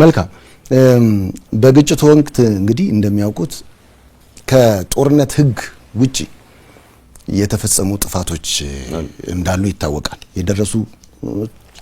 መልካም። በግጭት ወቅት እንግዲህ እንደሚያውቁት ከጦርነት ህግ ውጪ የተፈጸሙ ጥፋቶች እንዳሉ ይታወቃል። የደረሱ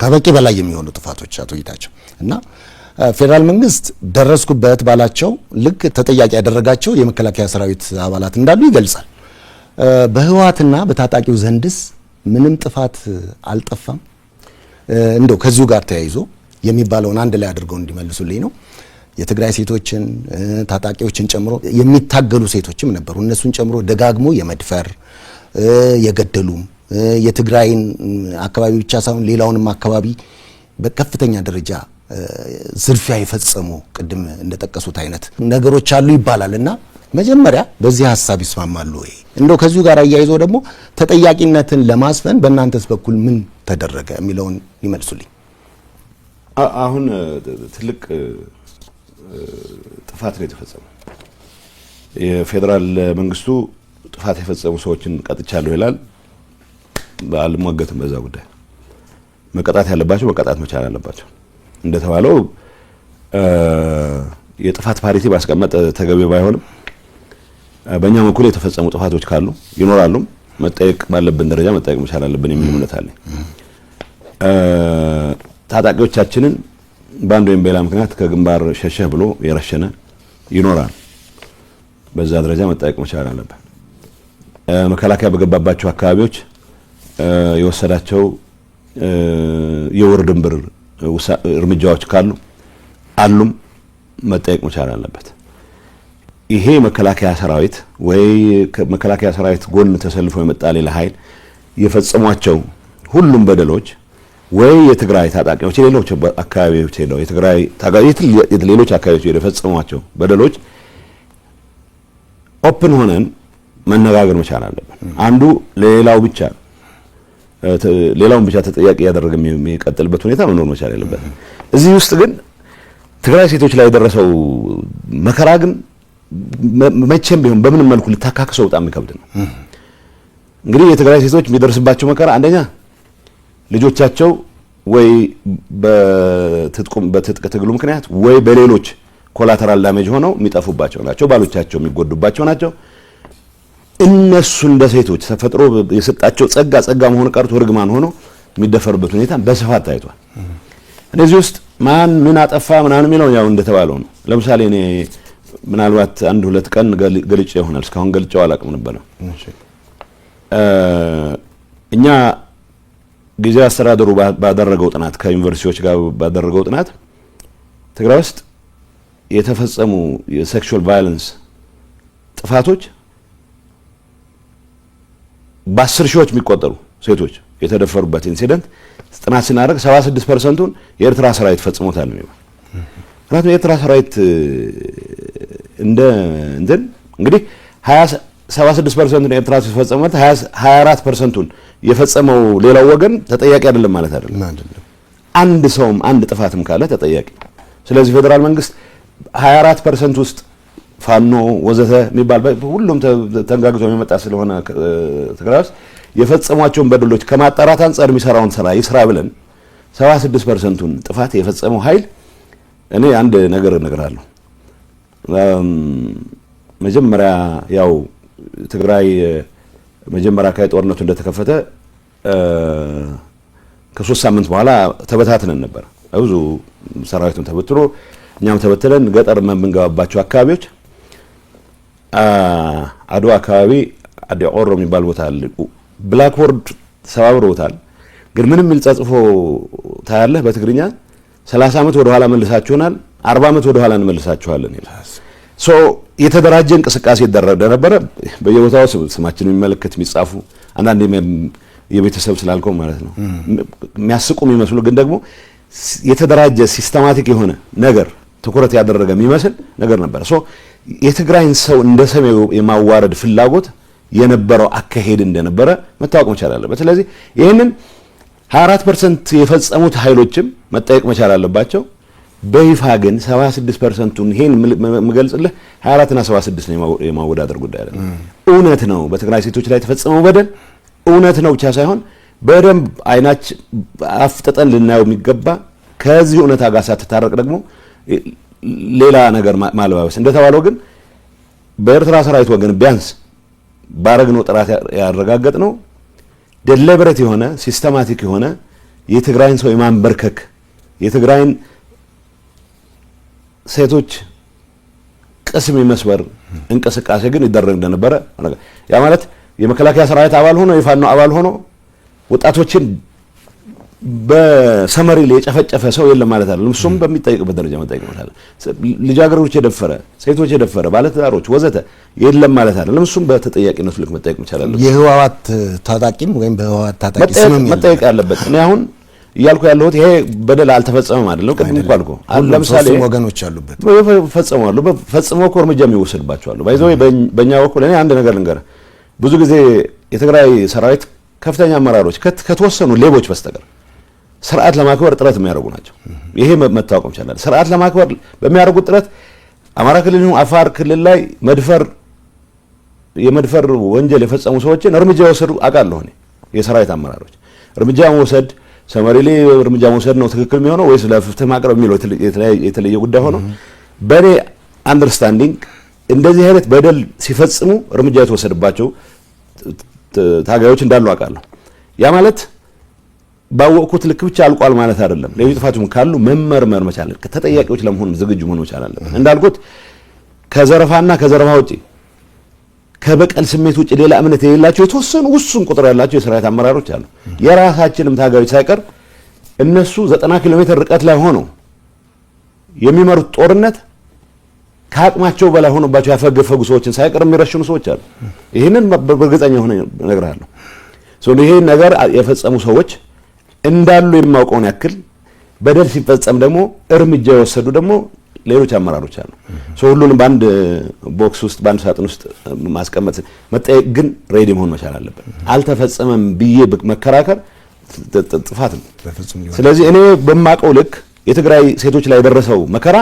ከበቂ በላይ የሚሆኑ ጥፋቶች አቶ ጌታቸው እና ፌዴራል መንግስት ደረስኩበት ባላቸው ልክ ተጠያቂ ያደረጋቸው የመከላከያ ሰራዊት አባላት እንዳሉ ይገልጻል። በህወሓትና በታጣቂው ዘንድስ ምንም ጥፋት አልጠፋም? እንደው ከዚሁ ጋር ተያይዞ የሚባለውን አንድ ላይ አድርገው እንዲመልሱልኝ ነው። የትግራይ ሴቶችን ታጣቂዎችን ጨምሮ የሚታገሉ ሴቶችም ነበሩ። እነሱን ጨምሮ ደጋግሞ የመድፈር የገደሉም የትግራይን አካባቢ ብቻ ሳይሆን ሌላውንም አካባቢ በከፍተኛ ደረጃ ዝርፊያ የፈጸሙ ቅድም እንደጠቀሱት አይነት ነገሮች አሉ ይባላል እና መጀመሪያ በዚህ ሀሳብ ይስማማሉ ወይ? እንደው ከዚሁ ጋር አያይዞ ደግሞ ተጠያቂነትን ለማስፈን በእናንተስ በኩል ምን ተደረገ የሚለውን ይመልሱልኝ። አሁን ትልቅ ጥፋት ነው የተፈጸመው። የፌዴራል መንግስቱ ጥፋት የፈጸሙ ሰዎችን ቀጥቻለሁ ይላል። አልሟገትም በዛ ጉዳይ። መቀጣት ያለባቸው መቀጣት መቻል አለባቸው። እንደተባለው የጥፋት ፓሪቲ ማስቀመጥ ተገቢ ባይሆንም በእኛ በኩል የተፈጸሙ ጥፋቶች ካሉ ይኖራሉ፣ መጠየቅ ባለብን ደረጃ መጠየቅ መቻል አለብን የሚል እምነት አለኝ። ታጣቂዎቻችንን በአንድ ወይም በሌላ ምክንያት ከግንባር ሸሸህ ብሎ የረሸነ ይኖራል። በዛ ደረጃ መጠየቅ መቻል አለበት። መከላከያ በገባባቸው አካባቢዎች የወሰዳቸው የውር ድንብር እርምጃዎች ካሉ አሉም መጠየቅ መቻል አለበት። ይሄ መከላከያ ሰራዊት ወይ መከላከያ ሰራዊት ጎን ተሰልፎ የመጣ ሌላ ኃይል የፈጸሟቸው ሁሉም በደሎች ወይ የትግራይ ታጣቂዎች ሌሎች አካባቢዎች ሄደው የትግራይ ሌሎች አካባቢዎች የፈጸሟቸው በደሎች ኦፕን ሆነን መነጋገር መቻል አለብን። አንዱ ሌላው ብቻ ሌላውን ብቻ ተጠያቂ እያደረገ የሚቀጥልበት ሁኔታ መኖር መቻል ያለበትም። እዚህ ውስጥ ግን ትግራይ ሴቶች ላይ የደረሰው መከራ ግን መቼም ቢሆን በምንም መልኩ ልታካክሰው በጣም የሚከብድ ነው። እንግዲህ የትግራይ ሴቶች የሚደርስባቸው መከራ አንደኛ ልጆቻቸው ወይ በትጥቅ ትግሉ ምክንያት ወይ በሌሎች ኮላተራል ዳሜጅ ሆነው የሚጠፉባቸው ናቸው። ባሎቻቸው የሚጎዱባቸው ናቸው። እነሱ እንደ ሴቶች ተፈጥሮ የሰጣቸው ጸጋ ጸጋ መሆን ቀርቶ ርግማን ሆኖ የሚደፈሩበት ሁኔታ በስፋት ታይቷል። እነዚህ ውስጥ ማን ምን አጠፋ ምናምን የሚለው ያው እንደተባለው ነው። ለምሳሌ እኔ ምናልባት አንድ ሁለት ቀን ገልጬ ይሆናል እስካሁን ገልጬው አላቅም ነበረ እኛ ጊዜ አስተዳደሩ ባደረገው ጥናት ከዩኒቨርሲቲዎች ጋር ባደረገው ጥናት ትግራይ ውስጥ የተፈጸሙ የሴክሹዋል ቫዮለንስ ጥፋቶች በአስር ሺዎች የሚቆጠሩ ሴቶች የተደፈሩበት ኢንሲደንት ጥናት ስናደርግ 76 ፐርሰንቱን የኤርትራ ሰራዊት ፈጽሞታል ነው። ምክንያቱም የኤርትራ ሰራዊት እንደ እንትን እንግዲህ 76 ፐርሰንቱ ኤርትራ ሲፈጸመበት 24 ፐርሰንቱን የፈጸመው ሌላው ወገን ተጠያቂ አይደለም ማለት አይደለም። አንድ ሰውም አንድ ጥፋትም ካለ ተጠያቂ። ስለዚህ ፌዴራል መንግስት 24 ፐርሰንት ውስጥ ፋኖ ወዘተ የሚባል ሁሉም ተንጋግዞ የሚመጣ ስለሆነ ትግራይ ውስጥ የፈጸሟቸውን በደሎች ከማጣራት አንጻር የሚሰራውን ስራ ይስራ ብለን 76 ፐርሰንቱን ጥፋት የፈጸመው ኃይል እኔ አንድ ነገር እነግራለሁ። መጀመሪያ ያው ትግራይ መጀመሪያ አካባቢ ጦርነቱ እንደተከፈተ ከሶስት ሳምንት በኋላ ተበታትነን ነበር። ብዙ ሰራዊቱን ተበትኖ እኛም ተበትነን ገጠር የምንገባባቸው አካባቢዎች አድዋ አካባቢ አዲ ቆሮ የሚባል ቦታ አለ። ብላክቦርድ ሰባብረውታል። ግን ምንም የሚል ተጽፎ ታያለህ በትግርኛ 30 ዓመት ወደኋላ መልሳችሁናል፣ 40 ዓመት ወደኋላ እንመልሳችኋለን ይላል። የተደራጀ እንቅስቃሴ ይደረግ ነበረ። በየቦታው ስማችን የሚመለከት የሚጻፉ አንዳንድ የቤተሰብ ስላልከው ማለት ነው የሚያስቁ የሚመስሉ ግን ደግሞ የተደራጀ ሲስተማቲክ የሆነ ነገር ትኩረት ያደረገ የሚመስል ነገር ነበረ። የትግራይን ሰው እንደ ሰው የማዋረድ ፍላጎት የነበረው አካሄድ እንደነበረ መታወቅ መቻል አለበት። ስለዚህ ይህንን 24 ፐርሰንት የፈጸሙት ኃይሎችም መጠየቅ መቻል አለባቸው። በይፋ ግን 76 ፐርሰንቱን ይሄን የምገልጽልህ 24 እና 76 ነው የማወዳደር ጉዳይ አይደለም። እውነት ነው በትግራይ ሴቶች ላይ የተፈጸመው በደል እውነት ነው ብቻ ሳይሆን በደንብ አይናች አፍጥጠን ልናየው የሚገባ ከዚህ እውነታ ጋር ሳትታረቅ ደግሞ ሌላ ነገር ማለባበስ እንደተባለው ግን በኤርትራ ሰራዊት ወገን ቢያንስ ባረግነው ጥራት ያረጋገጥ ነው ደለብረት የሆነ ሲስተማቲክ የሆነ የትግራይን ሰው የማንበርከክ የትግራይን ሴቶች ቅስም የመስበር እንቅስቃሴ ግን ይደረግ እንደነበረ ያ ማለት የመከላከያ ሰራዊት አባል ሆኖ የፋኖ አባል ሆኖ ወጣቶችን በሰመሪ ላይ የጨፈጨፈ ሰው የለም ማለት አይደለም። እሱም በሚጠይቅበት ደረጃ መጠየቅ ማለት ልጃገረዶች የደፈረ ሴቶች የደፈረ ባለትዳሮች ወዘተ የለም ማለት አይደለም። እሱም በተጠያቂነቱ ልክ መጠየቅ መቻል አለበት። የህወሓት ታጣቂም ወይም በህወሓት ታጣቂ መጠየቅ አለበት። እኔ አሁን እያልኩ ያለሁት ይሄ በደል አልተፈጸመም አይደለም። ቅድም እኮ አልኩ ለምሳሌ ወገኖች አሉበት ፈጽመዋሉ ፈጽመው እኮ እርምጃ የሚወሰድባቸዋሉ። ባይዘ በእኛ በኩል እኔ አንድ ነገር ልንገርህ፣ ብዙ ጊዜ የትግራይ ሰራዊት ከፍተኛ አመራሮች ከተወሰኑ ሌቦች በስተቀር ስርዓት ለማክበር ጥረት የሚያደርጉ ናቸው። ይሄ መታወቅ ይችላል። ስርዓት ለማክበር በሚያደርጉት ጥረት አማራ ክልል ይሁን አፋር ክልል ላይ መድፈር የመድፈር ወንጀል የፈጸሙ ሰዎችን እርምጃ የወሰዱ አውቃለሁ እኔ የሰራዊት አመራሮች እርምጃ መውሰድ ሰመሪ ላይ እርምጃ መውሰድ ነው ትክክል የሚሆነው ወይስ ለፍትህ ማቅረብ የሚለው የተለየ ጉዳይ ሆኖ በእኔ አንደርስታንዲንግ እንደዚህ አይነት በደል ሲፈጽሙ እርምጃ የተወሰደባቸው ታጋዮች እንዳሉ አውቃለሁ። ያ ማለት ባወቅኩት ልክ ብቻ አልቋል ማለት አይደለም። ለዩ ጥፋቱም ካሉ መመርመር መቻል ከተጠያቂዎች ለመሆን ዝግጁ መሆን መቻል አለበት። እንዳልኩት ከዘረፋና ከዘረፋ ውጪ ከበቀል ስሜት ውጭ ሌላ እምነት የሌላቸው የተወሰኑ ውሱን ቁጥር ያላቸው የሰራዊት አመራሮች አሉ። የራሳችንም ታጋዮች ሳይቀር እነሱ ዘጠና ኪሎ ሜትር ርቀት ላይ ሆነው የሚመሩት ጦርነት ከአቅማቸው በላይ ሆኖባቸው ያፈገፈጉ ሰዎችን ሳይቀር የሚረሽኑ ሰዎች አሉ። ይህንን በእርግጠኛ ሆነ እነግርሃለሁ። ይሄ ነገር የፈጸሙ ሰዎች እንዳሉ የማውቀውን ያክል በደል ሲፈጸም ደግሞ እርምጃ የወሰዱ ደግሞ ሌሎች አመራሮች አሉ። ሁሉንም በአንድ ቦክስ ውስጥ በአንድ ሳጥን ውስጥ ማስቀመጥ መጠየቅ ግን ሬዲ መሆን መቻል አለብን። አልተፈጸመም ብዬ መከራከር ጥፋት ነው። ስለዚህ እኔ በማቀው ልክ የትግራይ ሴቶች ላይ የደረሰው መከራ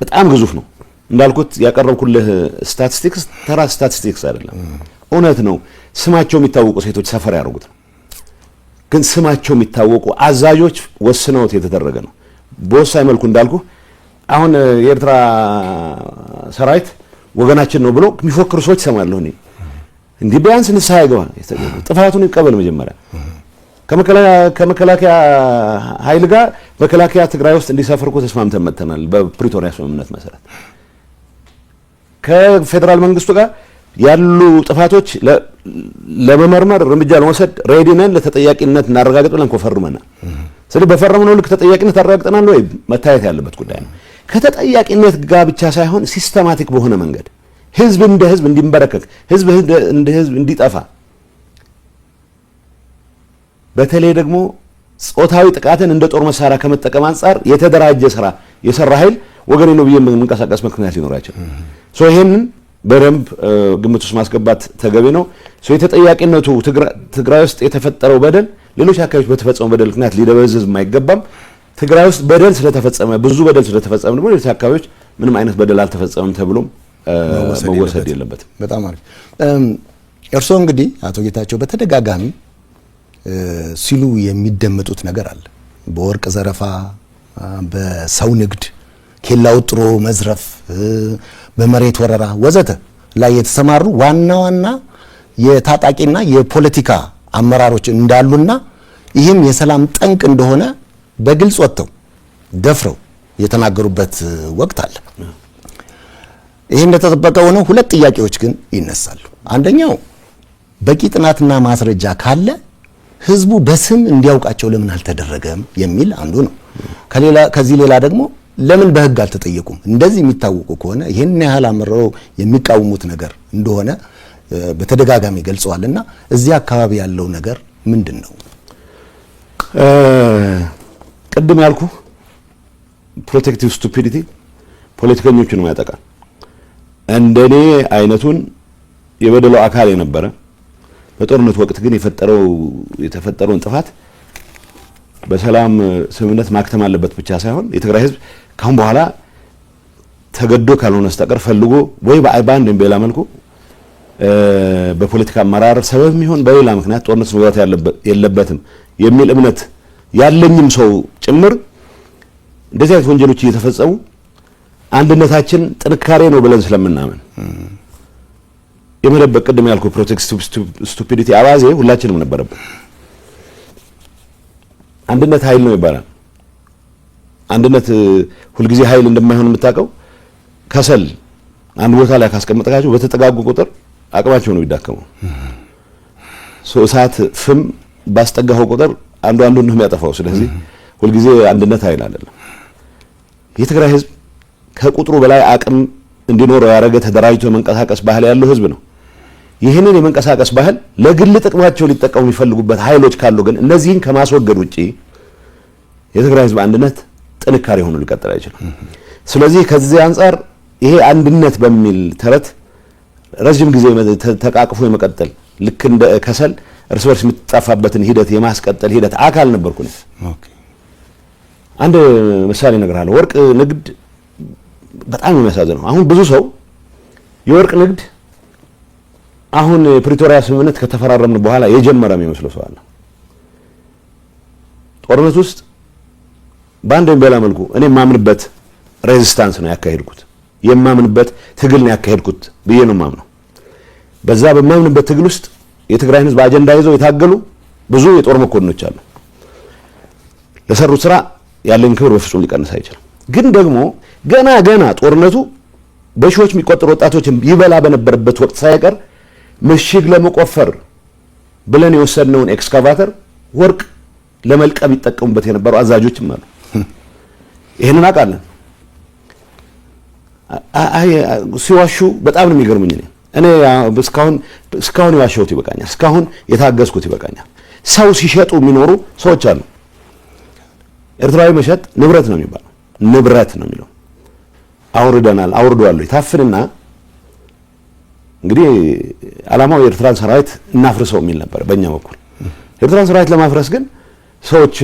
በጣም ግዙፍ ነው። እንዳልኩት ያቀረብኩልህ ስታቲስቲክስ ተራ ስታቲስቲክስ አይደለም፣ እውነት ነው። ስማቸው የሚታወቁ ሴቶች ሰፈር ያደርጉት ነው። ግን ስማቸው የሚታወቁ አዛዦች ወስነውት የተደረገ ነው። በወሳኝ መልኩ እንዳልኩ አሁን የኤርትራ ሰራዊት ወገናችን ነው ብሎ የሚፎክሩ ሰዎች ይሰማለሁ እኔ። እንዲህ ቢያንስ ንስሐ ይገባ፣ ጥፋቱን ይቀበል። መጀመሪያ ከመከላከያ ኃይል ጋር መከላከያ ትግራይ ውስጥ እንዲሰፍርኩ ተስማምተን መጥተናል፣ በፕሪቶሪያ ስምምነት መሰረት ከፌዴራል መንግስቱ ጋር ያሉ ጥፋቶች ለመመርመር እርምጃ ለመውሰድ ሬዲ ነን፣ ለተጠያቂነት እናረጋግጥ ብለን ኮ ፈርመናል። ስለዚህ በፈረምነው ልክ ተጠያቂነት አረጋግጠናል ወይ መታየት ያለበት ጉዳይ ነው። ከተጠያቂነት ጋር ብቻ ሳይሆን ሲስተማቲክ በሆነ መንገድ ህዝብ እንደ ህዝብ እንዲንበረከክ፣ ህዝብ እንደ ህዝብ እንዲጠፋ፣ በተለይ ደግሞ ጾታዊ ጥቃትን እንደ ጦር መሳሪያ ከመጠቀም አንጻር የተደራጀ ስራ የሰራ ኃይል ወገኔ ነው ብዬ የምንቀሳቀስ ምክንያት ሊኖራቸው ይህንን በደንብ ግምት ውስጥ ማስገባት ተገቢ ነው። የተጠያቂነቱ ትግራይ ውስጥ የተፈጠረው በደል ሌሎች አካባቢዎች በተፈጸመው በደል ምክንያት ሊደበዝዝ አይገባም። ትግራይ ውስጥ በደል ስለተፈጸመ ብዙ በደል ስለተፈጸመ ደግሞ ሌሎች አካባቢዎች ምንም አይነት በደል አልተፈጸመም ተብሎም መወሰድ የለበትም። በጣም አሪፍ። እርስዎ እንግዲህ አቶ ጌታቸው በተደጋጋሚ ሲሉ የሚደመጡት ነገር አለ። በወርቅ ዘረፋ፣ በሰው ንግድ፣ ኬላ ውጥሮ መዝረፍ፣ በመሬት ወረራ ወዘተ ላይ የተሰማሩ ዋና ዋና የታጣቂና የፖለቲካ አመራሮች እንዳሉና ይህም የሰላም ጠንቅ እንደሆነ በግልጽ ወጥተው ደፍረው የተናገሩበት ወቅት አለ። ይህ እንደተጠበቀ ሆነው ሁለት ጥያቄዎች ግን ይነሳሉ። አንደኛው በቂ ጥናትና ማስረጃ ካለ ህዝቡ በስም እንዲያውቃቸው ለምን አልተደረገም የሚል አንዱ ነው። ከሌላ ከዚህ ሌላ ደግሞ ለምን በህግ አልተጠየቁም? እንደዚህ የሚታወቁ ከሆነ ይህን ያህል አምረው የሚቃወሙት ነገር እንደሆነ በተደጋጋሚ ገልጸዋልና እዚህ አካባቢ ያለው ነገር ምንድን ነው? ቅድም ያልኩ ፕሮቴክቲቭ ስቱፒዲቲ ፖለቲከኞቹንም ያጠቃል። እንደኔ አይነቱን የበደለው አካል የነበረ በጦርነት ወቅት ግን የፈጠረው የተፈጠረውን ጥፋት በሰላም ስምምነት ማክተም አለበት ብቻ ሳይሆን የትግራይ ህዝብ ካሁን በኋላ ተገዶ ካልሆነ ስተቀር ፈልጎ ወይ በአንድ በሌላ መልኩ በፖለቲካ አመራር ሰበብ የሚሆን በሌላ ምክንያት ጦርነት መግባት የለበትም የሚል እምነት ያለኝም ሰው ጭምር እንደዚህ አይነት ወንጀሎች እየተፈጸሙ አንድነታችን ጥንካሬ ነው ብለን ስለምናምን የመደበቅ ቅድም ያልኩ ፕሮቴክት ስቱፒዲቲ አባዜ ሁላችንም ነበረብን። አንድነት ኃይል ነው ይባላል። አንድነት ሁልጊዜ ኃይል እንደማይሆን የምታውቀው ከሰል አንድ ቦታ ላይ ካስቀመጥካቸው በተጠጋጉ ቁጥር አቅማቸው ነው ይዳከመው። እሳት ፍም ባስጠጋኸው ቁጥር አንዱ አንዱን ነው የሚያጠፋው። ስለዚህ ሁልጊዜ አንድነት ኃይል አይደለም። የትግራይ ህዝብ ከቁጥሩ በላይ አቅም እንዲኖረው ያደረገ ተደራጅቶ የመንቀሳቀስ ባህል ያለው ህዝብ ነው። ይህንን የመንቀሳቀስ ባህል ለግል ጥቅማቸው ሊጠቀሙ የሚፈልጉበት ኃይሎች ካሉ ግን እነዚህን ከማስወገድ ውጭ የትግራይ ህዝብ አንድነት ጥንካሬ ሆኖ ሊቀጥል አይችልም። ስለዚህ ከዚህ አንጻር ይሄ አንድነት በሚል ተረት ረዥም ጊዜ ተቃቅፎ የመቀጠል ልክ እንደ ከሰል እርስ በርስ የምትጠፋበትን ሂደት የማስቀጠል ሂደት አካል ነበርኩ። አንድ ምሳሌ እነግርሃለሁ። ወርቅ ንግድ በጣም የሚያሳዝነው አሁን ብዙ ሰው የወርቅ ንግድ አሁን የፕሪቶሪያ ስምምነት ከተፈራረምን በኋላ የጀመረ የሚመስለው ሰው አለ። ጦርነት ውስጥ በአንድ በሌላ መልኩ እኔ የማምንበት ሬዚስታንስ ነው ያካሄድኩት፣ የማምንበት ትግል ነው ያካሄድኩት ብዬ ነው የማምነው። በዛ በማምንበት ትግል ውስጥ የትግራይን ህዝብ አጀንዳ ይዘው የታገሉ ብዙ የጦር መኮንኖች አሉ። ለሰሩት ስራ ያለኝ ክብር በፍጹም ሊቀንስ አይችልም። ግን ደግሞ ገና ገና ጦርነቱ በሺዎች የሚቆጠሩ ወጣቶችን ይበላ በነበረበት ወቅት ሳይቀር ምሽግ ለመቆፈር ብለን የወሰድነውን ኤክስካቫተር ወርቅ ለመልቀም ይጠቀሙበት የነበሩ አዛዦችም አሉ። ይህንን አውቃለን። ሲዋሹ በጣም ነው የሚገርሙኝ። እኔ እስካሁን እስካሁን የዋሸሁት ይበቃኛል። እስካሁን የታገዝኩት ይበቃኛል። ሰው ሲሸጡ የሚኖሩ ሰዎች አሉ። ኤርትራዊ መሸጥ ንብረት ነው የሚባለው፣ ንብረት ነው የሚለው። አውርደናል፣ አውርደዋለሁ። ይታፍንና እንግዲህ አላማው የኤርትራን ሰራዊት እናፍርሰው የሚል ነበር በእኛ በኩል። ኤርትራን ሰራዊት ለማፍረስ ግን ሰዎች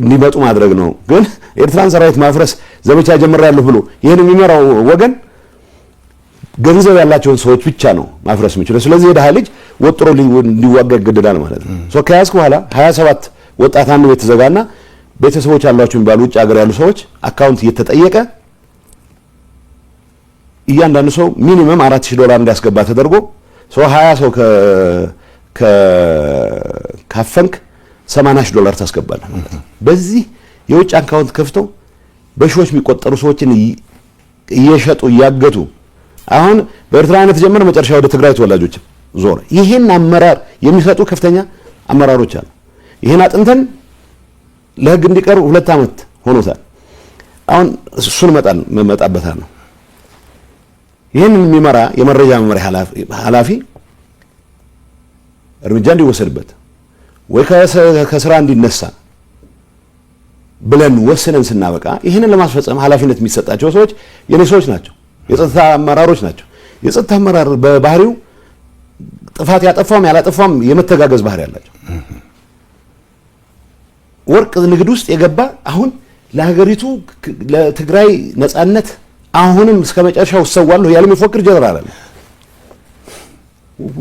እንዲመጡ ማድረግ ነው። ግን ኤርትራን ሰራዊት ማፍረስ ዘመቻ ጀምሬያለሁ ብሎ ይህን የሚመራው ወገን ገንዘብ ያላቸውን ሰዎች ብቻ ነው ማፍረስ የሚችለው። ስለዚህ የድሃ ልጅ ወጥሮ እንዲዋጋ ይገደዳል ማለት ነው። ሶ ከያዝክ በኋላ 27 ወጣት አንድ ቤት ተዘጋና ቤተሰቦች አሏቸው የሚባሉ ውጭ ሀገር ያሉ ሰዎች አካውንት እየተጠየቀ እያንዳንዱ ሰው ሚኒመም 4000 ዶላር እንዲያስገባ ተደርጎ ሰው 20 ሰው ካፈንክ 80 ሺህ ዶላር ታስገባለ በዚህ የውጭ አካውንት ከፍተው በሺዎች የሚቆጠሩ ሰዎችን እየሸጡ እያገቱ አሁን አይነት የተጀመረ መጨረሻ ወደ ትግራይ ተወላጆች ዞረ። ይህን አመራር የሚሰጡ ከፍተኛ አመራሮች አሉ። ይህን አጥንተን ለህግ እንዲቀርብ ሁለት ዓመት ሆኖታል። አሁን እሱን መጣበታል ነው። ይህን የሚመራ የመረጃ መምሪያ ኃላፊ እርምጃ እንዲወሰድበት ወይ ከስራ እንዲነሳ ብለን ወስነን ስናበቃ ይህንን ለማስፈጸም ኃላፊነት የሚሰጣቸው ሰዎች የኔ ሰዎች ናቸው። የጸጥታ አመራሮች ናቸው። የጸጥታ አመራር በባህሪው ጥፋት ያጠፋም ያላጠፋም የመተጋገዝ ባህሪ አላቸው። ወርቅ ንግድ ውስጥ የገባ አሁን ለሀገሪቱ ለትግራይ ነጻነት አሁንም እስከ መጨረሻው እሰዋለሁ ያለ የሚፎክር ጀነራል አለ።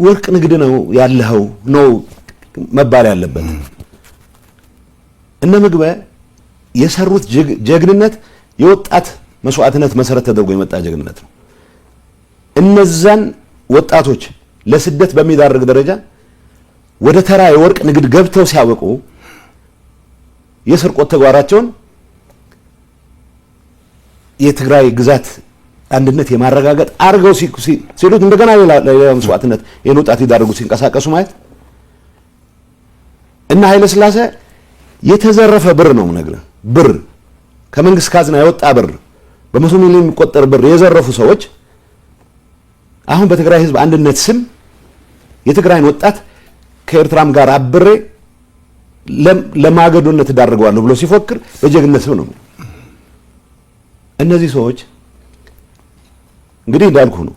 ወርቅ ንግድ ነው ያለኸው ነው መባል ያለበት። እነ ምግበ የሰሩት ጀግንነት የወጣት መስዋዕትነት መሰረት ተደርጎ የመጣ ጀግንነት ነው። እነዛን ወጣቶች ለስደት በሚዳርግ ደረጃ ወደ ተራ የወርቅ ንግድ ገብተው ሲያበቁ የስርቆት ተግባራቸውን የትግራይ ግዛት አንድነት የማረጋገጥ አድርገው ሲሉት እንደገና ሌላ መስዋዕትነት ይህን ወጣት ሊዳርጉ ሲንቀሳቀሱ ማለት እና ኃይለ ስላሴ የተዘረፈ ብር ነው ነግረ ብር ከመንግስት ካዝና የወጣ ብር በመቶ ሚሊዮን የሚቆጠር ብር የዘረፉ ሰዎች አሁን በትግራይ ህዝብ አንድነት ስም የትግራይን ወጣት ከኤርትራም ጋር አብሬ ለማገዶነት እዳርገዋለሁ ብሎ ሲፎክር በጀግነት ስም ነው። እነዚህ ሰዎች እንግዲህ እንዳልኩ ነው።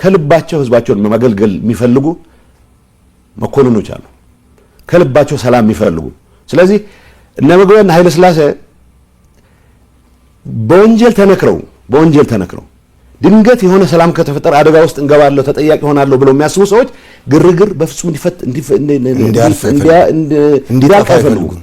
ከልባቸው ህዝባቸውን ማገልገል የሚፈልጉ መኮንኖች አሉ፣ ከልባቸው ሰላም የሚፈልጉ ስለዚህ እነ ምግበይና ኃይለስላሴ በወንጀል ተነክረው በወንጀል ተነክረው ድንገት የሆነ ሰላም ከተፈጠረ አደጋ ውስጥ እንገባለሁ ተጠያቂ ሆናለሁ ብለው የሚያስቡ ሰዎች ግርግር በፍጹም እንዲፈት እንዲያልፍ አይፈልጉም።